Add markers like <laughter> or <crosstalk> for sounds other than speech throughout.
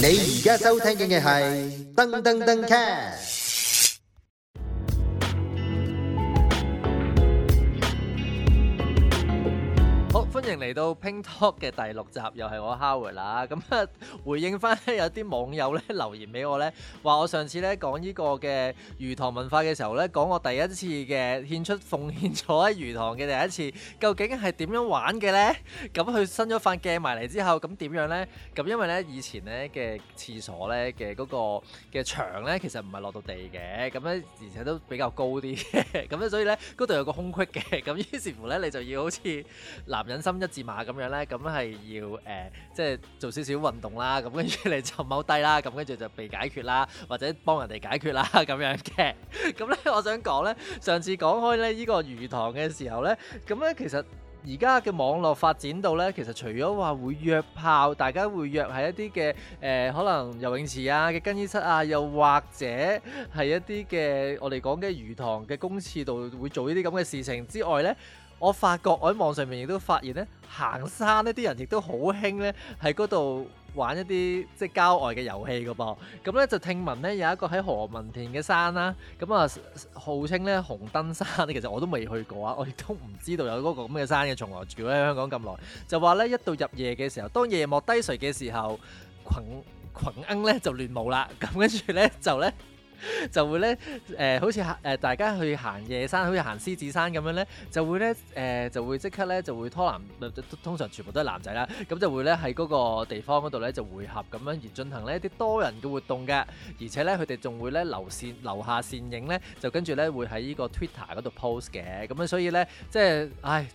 你而家收聽嘅係噔噔噔 cast。嚟到 PingTalk 嘅第六集，又係我 Howard 啦。咁啊，回應返有啲網友咧留言俾我咧，話我上次咧講呢個嘅魚塘文化嘅時候咧，講我第一次嘅獻出奉獻咗喺魚塘嘅第一次，究竟係點樣玩嘅咧？咁佢伸咗塊鏡埋嚟之後，咁點樣咧？咁因為咧以前咧嘅廁所咧嘅嗰個嘅牆咧，其實唔係落到地嘅，咁咧而且都比較高啲嘅，咁咧所以咧嗰度有個空隙嘅，咁於是乎咧你就要好似男人心，一字馬咁樣咧，咁係要誒，即係做少少運動啦，咁跟住嚟就踎低啦，咁跟住就被解決啦，或者幫人哋解決啦咁樣嘅。咁咧，我想講咧，上次講開咧呢個魚塘嘅時候咧，咁咧其實而家嘅網絡發展到咧，其實除咗話會約炮，大家會約喺一啲嘅誒，可能游泳池啊嘅更衣室啊，又或者係一啲嘅我哋講嘅魚塘嘅公廁度會做呢啲咁嘅事情之外咧。我發覺我喺網上面亦都發現咧，行山呢啲人亦都好興咧，喺嗰度玩一啲即係郊外嘅遊戲噶噃。咁、嗯、咧就聽聞咧有一個喺何文田嘅山啦，啊，咁、嗯、啊號稱咧紅燈山，其實我都未去過啊，我亦都唔知道有嗰個咁嘅山嘅，從來住喺香港咁耐，就話咧一到入夜嘅時候，當夜幕低垂嘅時候，群群鶩咧就亂舞啦，咁跟住咧就咧。就會咧誒、呃，好似誒、呃、大家去行夜山，好似行獅子山咁樣咧，就會咧誒、呃，就會即刻咧就會拖男、呃，通常全部都係男仔啦，咁就會咧喺嗰個地方嗰度咧就匯合咁樣而進行呢一啲多人嘅活動嘅，而且咧佢哋仲會咧留線留下線影咧，就跟住咧會喺呢個 Twitter 嗰度 post 嘅，咁樣所以咧即係唉。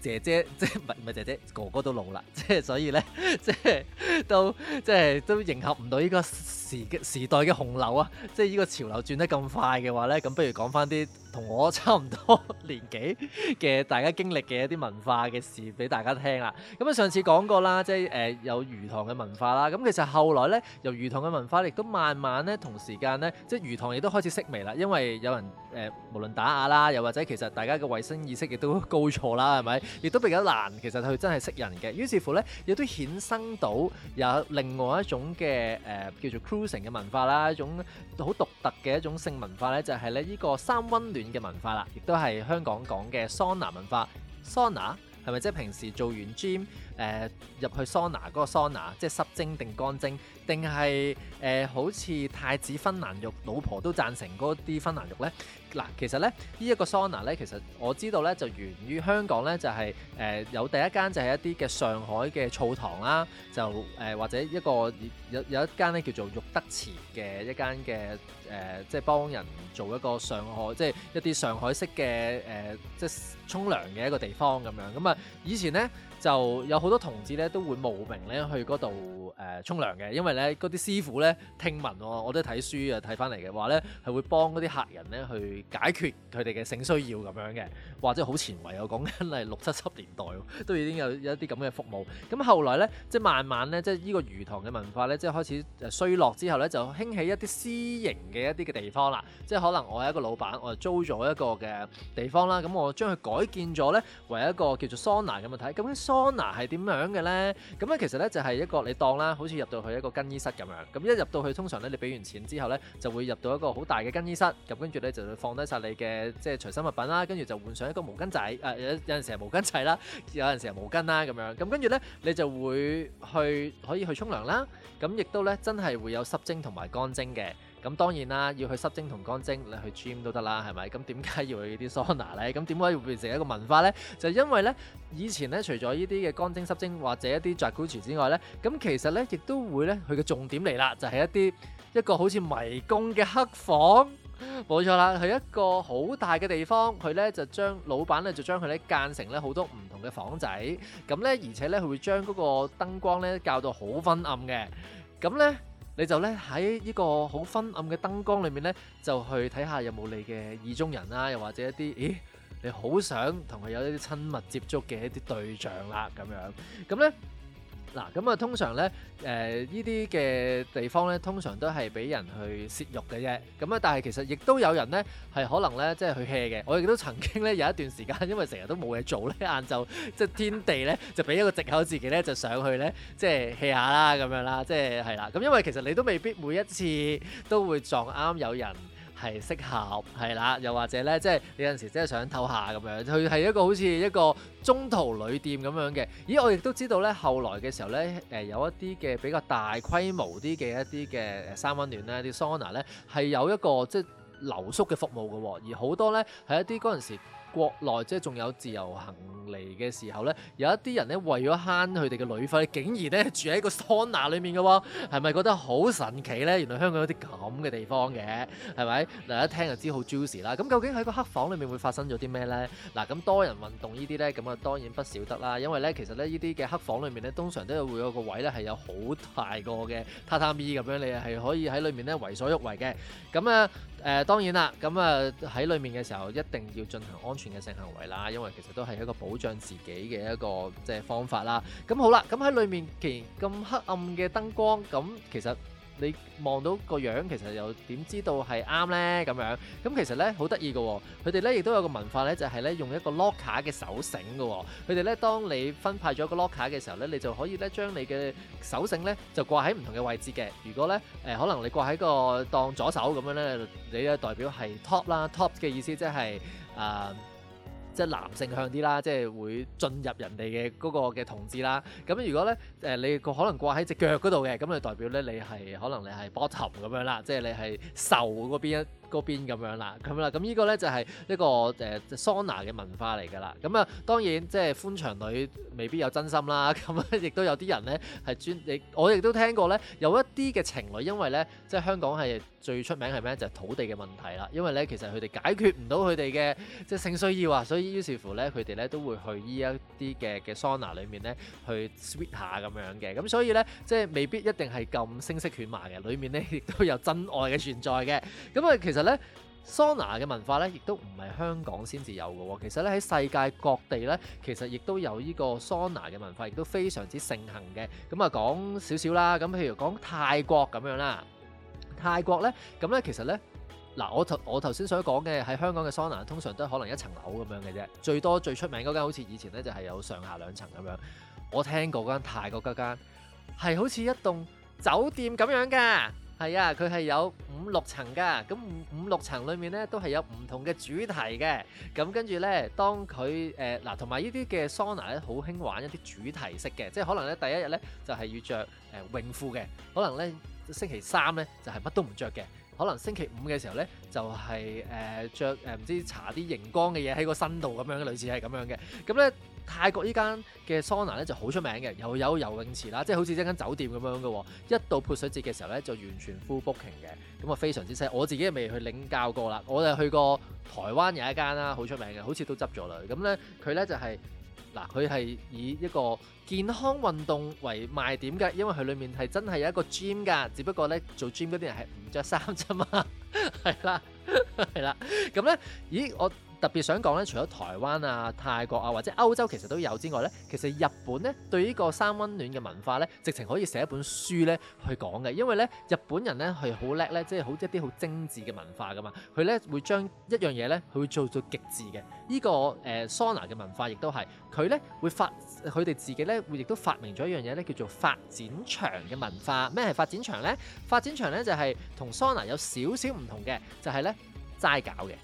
姐姐即係唔係姐姐，哥哥都老啦，即係所以咧，即係都即係都迎合唔到呢個時時代嘅洪流啊！即係呢個潮流轉得咁快嘅話咧，咁不如講翻啲同我差唔多年紀嘅大家經歷嘅一啲文化嘅事俾大家聽啦。咁啊，上次講過啦，即係誒、呃、有魚塘嘅文化啦。咁其實後來咧，由魚塘嘅文化亦都慢慢咧同時間咧，即係魚塘亦都開始式微啦，因為有人誒、呃、無論打壓啦，又或者其實大家嘅衞生意識亦都高錯啦，係咪？亦都比較難，其實佢真係識人嘅，於是乎咧，亦都衍生到有另外一種嘅誒、呃、叫做 cruising 嘅文化啦，一種好獨特嘅一種性文化咧，就係咧呢個三温暖嘅文化啦，亦都係香港講嘅桑拿文化，桑拿係咪即係平時做完 gym？誒入、呃、去桑拿嗰、那個桑拿，即係濕蒸定乾蒸，定係誒好似太子芬蘭肉，老婆都贊成嗰啲芬蘭肉呢。嗱，其實呢，呢、這、一個桑拿呢，其實我知道呢，就源於香港呢，就係、是、誒、呃、有第一間就係一啲嘅上海嘅澡堂啦，就誒、呃、或者一個有有一間呢叫做玉德池嘅一間嘅誒、呃，即係幫人做一個上海即係一啲上海式嘅誒、呃，即係沖涼嘅一個地方咁樣。咁啊，以前呢。就有好多同志咧都會慕名咧去嗰度誒沖涼嘅，因為咧嗰啲師傅咧聽聞我我都睇書啊睇翻嚟嘅，話咧係會幫嗰啲客人咧去解決佢哋嘅性需要咁樣嘅，哇！真係好前衞，我講緊係六七十年代都已經有一啲咁嘅服務。咁後來咧即係慢慢咧即係呢個魚塘嘅文化咧即係開始衰落之後咧就興起一啲私營嘅一啲嘅地方啦，即係可能我一個老闆我租咗一個嘅地方啦，咁我將佢改建咗咧為一個叫做桑拿。咁樣睇。咁桑拿係點樣嘅咧？咁咧其實咧就係一個你當啦，好似入到去一個更衣室咁樣。咁一入到去，通常咧你俾完錢之後咧，就會入到一個好大嘅更衣室。咁跟住咧就會放低晒你嘅即係隨身物品啦，跟住就換上一個毛巾仔。誒、呃、有有陣時係毛巾仔啦，有陣時係毛巾啦咁樣。咁跟住咧你就會去可以去沖涼啦。咁亦都咧真係會有濕蒸同埋乾蒸嘅。咁當然啦，要去濕蒸同乾蒸，你去 gym 都得啦，係咪？咁點解要去呢啲桑拿咧？咁點解會變成一個文化咧？就因為咧，以前咧，除咗呢啲嘅乾蒸、濕蒸或者一啲 jacuzzi 之外咧，咁其實咧，亦都會咧，佢嘅重點嚟啦，就係一啲一個好似迷宮嘅黑房，冇錯啦，係一個好大嘅地方，佢咧就將老闆咧就將佢咧間成咧好多唔同嘅房仔，咁咧而且咧佢會將嗰個燈光咧校到好昏暗嘅，咁咧。你就咧喺呢個好昏暗嘅燈光裏面咧，就去睇下有冇你嘅意中人啦、啊，又或者一啲咦你好想同佢有一啲親密接觸嘅一啲對象啦、啊、咁樣，咁咧。嗱，咁啊，通常咧，誒、呃，呢啲嘅地方咧，通常都係俾人去泄慾嘅啫。咁啊，但係其實亦都有人咧，係可能咧，即係去 hea 嘅。我亦都曾經咧有一段時間，因為成日都冇嘢做咧，晏 <laughs> 晝即係天地咧，就俾一個藉口，自己咧就上去咧，即係 hea 下啦，咁樣啦，即係係啦。咁因為其實你都未必每一次都會撞啱有人。係適合係啦，又或者咧，即係有陣時真係想透下咁樣，佢係一個好似一個中途旅店咁樣嘅。咦，我亦都知道咧，後來嘅時候咧，誒、呃、有一啲嘅比較大規模啲嘅一啲嘅誒三溫暖咧，啲桑拿 u 咧係有一個即係留宿嘅服務嘅喎，而好多咧係一啲嗰陣時。國內即係仲有自由行嚟嘅時候呢，有一啲人呢，為咗慳佢哋嘅旅費，竟然呢住喺個桑拿裏面嘅喎。哦，係咪覺得好神奇呢？原來香港有啲咁嘅地方嘅，係咪？嗱，一聽就知好 juicy 啦。咁究竟喺個黑房裏面會發生咗啲咩呢？嗱，咁多人運動呢啲呢，咁啊當然不少得啦。因為呢，其實呢，呢啲嘅黑房裏面呢，通常都係會有個位呢，係有好大個嘅榻榻米咁樣，你係可以喺裏面呢為所欲為嘅。咁啊～誒、呃、當然啦，咁啊喺裡面嘅時候一定要進行安全嘅性行為啦，因為其實都係一個保障自己嘅一個即係方法啦。咁、嗯、好啦，咁、嗯、喺裡面，既然咁黑暗嘅燈光，咁、嗯、其實。你望到個樣其實又點知道係啱咧咁樣？咁其實咧好得意嘅喎，佢哋咧亦都有個文化咧，就係、是、咧用一個 locker 嘅手繩嘅喎。佢哋咧當你分派咗個 locker 嘅時候咧，你就可以咧將你嘅手繩咧就掛喺唔同嘅位置嘅。如果咧誒、呃、可能你掛喺個當左手咁樣咧，你咧代表係 top 啦，top 嘅意思即係誒。呃即係男性向啲啦，即係會進入人哋嘅嗰個嘅同志啦。咁如果咧誒、呃，你個可能掛喺隻腳嗰度嘅，咁就代表咧你係可能你係 bottom 咁樣啦，即係你係受嗰邊嗰邊咁樣啦，咁啦。咁依個咧就係、是、一個誒桑拿嘅文化嚟㗎啦。咁啊，當然即係寬場女未必有真心啦。咁亦都有啲人咧係專，亦我亦都聽過咧，有一啲嘅情侶因為咧，即係香港係。最出名係咩？就係土地嘅問題啦，因為咧其實佢哋解決唔到佢哋嘅即係性需要啊，所以於是乎咧佢哋咧都會去呢一啲嘅嘅桑拿裡面咧去 sweet 下咁樣嘅，咁所以咧即係未必一定係咁聲色犬馬嘅，裡面咧亦都有真愛嘅存在嘅。咁、嗯、啊，其實咧桑拿嘅文化咧亦都唔係香港先至有嘅喎，其實咧喺世界各地咧其實亦都有呢個桑拿嘅文化，亦都非常之盛行嘅。咁啊，講少少啦，咁譬如講泰國咁樣啦。泰國咧，咁咧其實咧，嗱我頭我頭先想講嘅喺香港嘅桑拿，通常都可能一層樓咁樣嘅啫，最多最出名嗰間好似以前咧就係有上下兩層咁樣。我聽過嗰間泰國嗰間係好似一棟酒店咁樣噶，係啊，佢係有五六層噶，咁五六層裡面咧都係有唔同嘅主題嘅。咁跟住咧，當佢誒嗱同埋呢啲嘅桑拿咧，好興玩一啲主題式嘅，即係可能咧第一日咧就係要著誒泳褲嘅，可能咧。星期三咧就係、是、乜都唔着嘅，可能星期五嘅時候咧就係誒著誒唔知搽啲熒光嘅嘢喺個身度咁樣嘅，類似係咁樣嘅。咁、嗯、咧泰國依間嘅桑拿咧就好出名嘅，又有游泳池啦，即係好似一間酒店咁樣嘅。一到潑水節嘅時候咧就完全 full booking 嘅，咁、嗯、啊非常之犀利。我自己未去領教過啦，我就去過台灣有一間啦，好出名嘅，好似都執咗啦。咁咧佢咧就係、是。嗱，佢係以一個健康運動為賣點嘅，因為佢裏面係真係有一個 gym 噶，只不過咧做 gym 嗰啲人係唔着衫啫嘛，係 <laughs> 啦，係啦，咁咧，咦我，特別想講咧，除咗台灣啊、泰國啊或者歐洲其實都有之外咧，其實日本咧對呢個三溫暖嘅文化咧，直情可以寫一本書咧去講嘅，因為咧日本人咧係好叻咧，即係好一啲好精緻嘅文化㗎嘛，佢咧會將一樣嘢咧佢會做到極致嘅。呢個誒桑拿嘅文化亦都係，佢咧會發佢哋自己咧會亦都發明咗一樣嘢咧叫做發展場嘅文化。咩係發展場咧？發展場咧就係同桑拿有少少唔同嘅，就係咧齋搞嘅。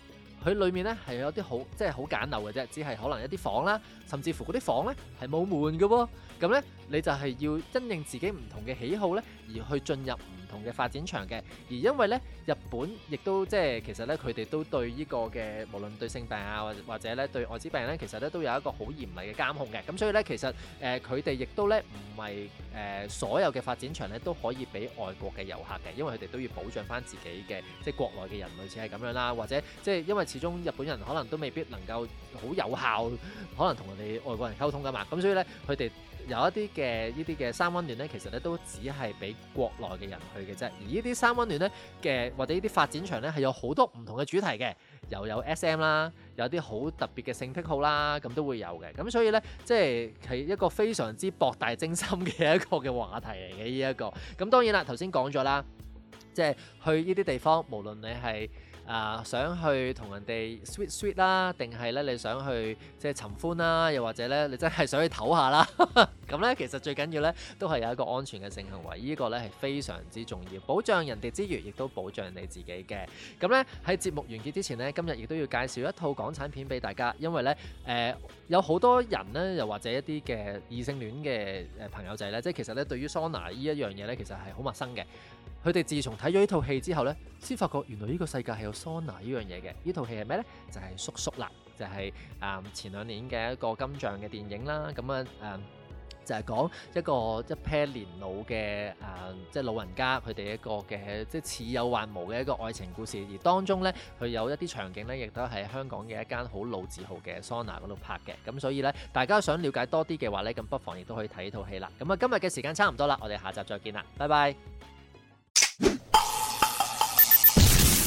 佢裏面咧係有啲好，即係好簡陋嘅啫，只係可能一啲房啦，甚至乎嗰啲房咧係冇門嘅喎、哦。咁咧你就係要因應自己唔同嘅喜好咧，而去進入。同嘅發展場嘅，而因為咧，日本亦都即係其實咧，佢哋都對呢個嘅無論對性病啊，或者或者咧對艾滋病咧，其實咧都有一個好嚴厲嘅監控嘅。咁所以咧，其實誒佢哋亦都咧唔係誒所有嘅發展場咧都可以俾外國嘅遊客嘅，因為佢哋都要保障返自己嘅，即係國內嘅人類似係咁樣啦，或者即係因為始終日本人可能都未必能夠好有效，可能同人哋外國人溝通㗎嘛。咁所以咧，佢哋。有一啲嘅呢啲嘅三温暖咧，其實咧都只係俾國內嘅人去嘅啫。而呢啲三温暖咧嘅或者呢啲發展場咧，係有好多唔同嘅主題嘅，又有,有 SM 啦，有啲好特別嘅性癖好啦，咁都會有嘅。咁所以咧，即係係一個非常之博大精深嘅一個嘅話題嚟嘅呢一個。咁當然啦，頭先講咗啦，即係去呢啲地方，無論你係。啊、呃，想去同人哋 sweet sweet 啦，定係咧你想去即係尋歡啦，又或者咧你真係想去唞下啦。咁 <laughs> 咧其實最緊要咧都係有一個安全嘅性行為，這個、呢個咧係非常之重要，保障人哋之餘，亦都保障你自己嘅。咁咧喺節目完結之前呢，今日亦都要介紹一套港產片俾大家，因為咧誒、呃、有好多人咧，又或者一啲嘅異性戀嘅誒朋友仔咧，即係其實咧對於 sona 呢一樣嘢咧，其實係好陌生嘅。佢哋自從睇咗呢套戲之後呢，先發覺原來呢個世界係有桑拿呢樣嘢嘅。呢套戲係咩呢？就係、是《叔叔》啦，就係、是、誒前兩年嘅一個金像嘅電影啦。咁啊誒，就係、是、講一個一 pair 年老嘅誒、嗯，即係老人家佢哋一個嘅即似有幻無嘅一個愛情故事。而當中呢，佢有一啲場景呢，亦都喺香港嘅一間好老字號嘅桑拿嗰度拍嘅。咁所以呢，大家想了解多啲嘅話呢，咁不妨亦都可以睇呢套戲啦。咁啊，今日嘅時間差唔多啦，我哋下集再見啦，拜拜。